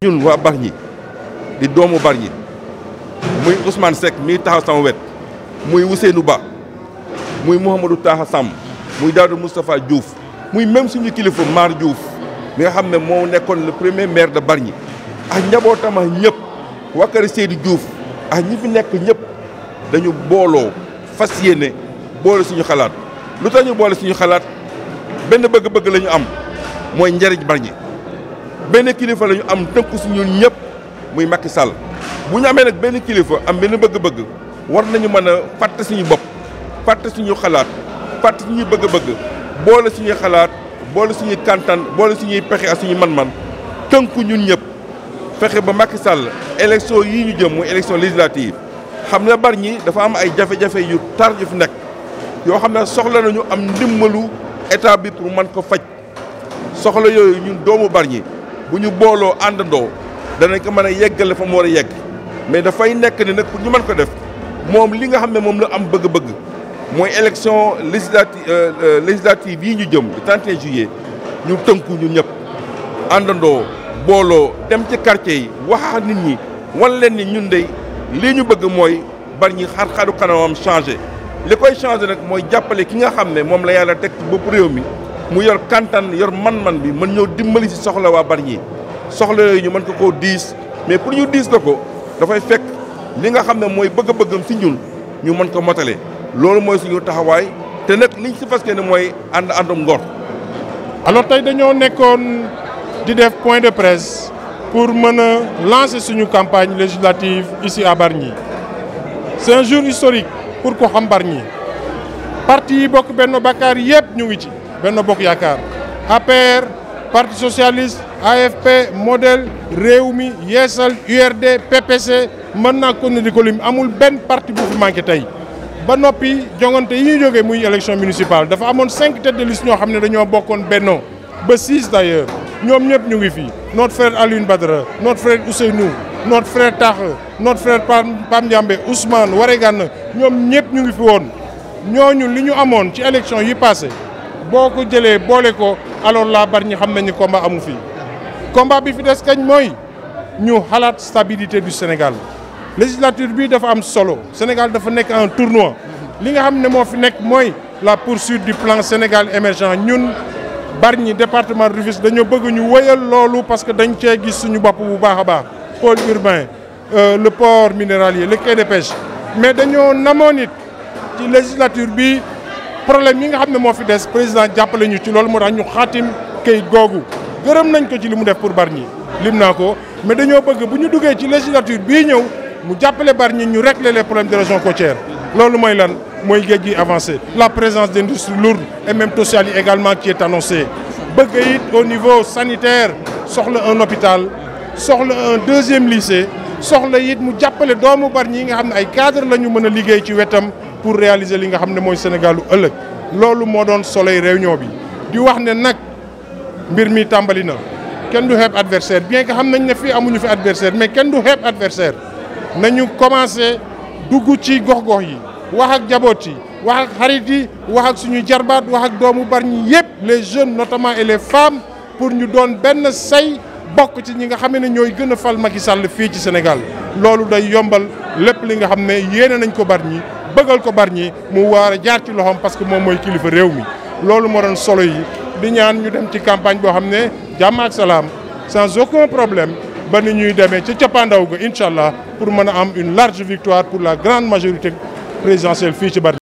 ñun waa Bargny di doomu Bargny muy Ousmane Seck muy taxaw sama wet muy Ousseynou Ba muy Mouhamadou Taha Samb muy Daouda Moustapha Diouf muy même suñu kilifa Mar Diouf mi nga xam ne moo nekkoon le premier maire de barñi ak njabootam ak ñëpp waa kër Seydou Diouf ak ñi fi nekk ñëpp dañu booloo fas yéene boole suñu xalaat lu tax ñu boole suñu xalaat benn bëgg-bëgg lañu am mooy njariñ Bargny benn kilifa la ñu am tënku si ñun ñëpp muy Macky Sall bu ñu amee nag benn kilifa am benn bëgg-bëgg war nañu mën a fàtte suñu bopp fàtte suñu xalaat fàtte suñuy bëgg-bëgg boole suñuy xalaat boole suñuy kantan boole suñuy pexe ak suñu man-man tënku ñun ñëpp fexe ba Macky Sall élection yi ñu jëm muy élection législative xam ne bari ñi dafa am ay jafe-jafe yu tar yu fi nekk yoo xam ne soxla nañu am ndimbalu état bi pour man ko faj soxla yooyu ñu doomu bari ñi bu ñu booloo àndandoo danañ ko mën a yeggale fa mu war a yegg mais dafay nekk ni nag pour ñu mën ko def moom li nga xam ne moom la am bëgg-bëgg mooy élection législative euh, euh, législative yi ñu jëm le 31 juillet ñu tënku ñu ñëpp àndandoo booloo dem ci quartier yi waxa nit ñi wan leen ni ñun dey lii ñu bëgg mooy bari ñi xar xaru kanamam changé li koy changé nag mooy jàppale ki nga xam ne moom la yàlla teg boppu réew mi mu yor kantan yor man-man bi mën ñoo dimbali si soxla waa Bargny soxla yooyu ñu mën ko koo diis mais pour ñu diis la ko dafay fekk li nga xam ne mooy bëgg-bëggam si ñun ñu mën ko motale loolu mooy suñu taxawaay te nag liñ si fas ne mooy ànd àndum ngor. alors tey dañoo nekkoon di def point de presse pour mën a lancer suñu campagne législative ici à Bargny c'est un jour historique pour ko xam Bargny parti yi bokk benn Bokk Yaakaar yëpp ñu ngi ci. Benno APR Parti Socialiste AFP Model, Réumi, Yesel, URD PPC maintenant, ko amul Ben parti bu ba yi élection municipale dafa cinq têtes de liste ño dañoo ba d'ailleurs ñom ñu ngi notre frère Aline Badra, notre frère Ousseynou notre frère Taxe notre frère Pam Ousmane ñu ngi fi passé boo ko bolé ko alors la bari ñi xam nañ ni combat amu fi combat bi fi dess kagn moy ñu xalaat stabilité du Sénégal législature bi dafa am solo Sénégal dafa nek un tournoi li nga xamné mo fi nek moy la poursuite du plan Sénégal émergent ñun Bargny département de dañu bëgg ñu wëyal lolu parce que dañ cee gis suñu bopp bu baaxa baax pôle urbain euh, le port minéralier le quai de pêche mais dañu namonit ci législature bi problème yi nga xam ne moo fi des président jàppale ñu ci loolu moo tax ñu xaatim kayit googu gërëm nañ ko ci li def pour Bargny lim naa ko mais dañoo bëgg bu ñu duggee ci législature bii ñëw mu jàppale Bargny ñu régler les problèmes de région côtière loolu mooy lan mooy géej gi la présence d'industries lourdes et même sociale également qui est annoncée bëgg it au niveau sanitaire soxla un hôpital soxla un deuxième lycée soxla it mu jàppale doomu Bargny yi nga xam ne ay cadre la ñu mën a liggéey ci wetam pour réaliser li nga xam ne mooy Sénégalu ëllëg loolu moo soleil réunion bi di wax ne nag mbir mi tàmbali na kenn du xeeb adversaire bien que xam nañ ne fii amuñu fi adversaire mais kenn du xeeb adversaire nañu commencé dugg ci gox-gox yi wax ak jaboot yi wax ak xarit yi wax ak suñuy jarbaat wax ak doomu Bargny yëpp les jeunes notamment et les femmes pour ñu doon benn say bokk ci ñi nga xamné ñoy gëna fal Macky Sall fi ci Sénégal loolu day yombal lepp li nga xamné ne yéene nañ ko Bargny bëggal ko Bargny mu waar jaar ci loxom parce que moom mooy kilifa réew mi loolu moo doon solo yi di ñaan ñu dem ci campagne boo xam ne jàmm ak salaam sans aucun problème ba ni ñuy demee ci cappaandaw ga incha allah pour mën a am une large victoire pour la grande majorité présidentielle fii ci Bargny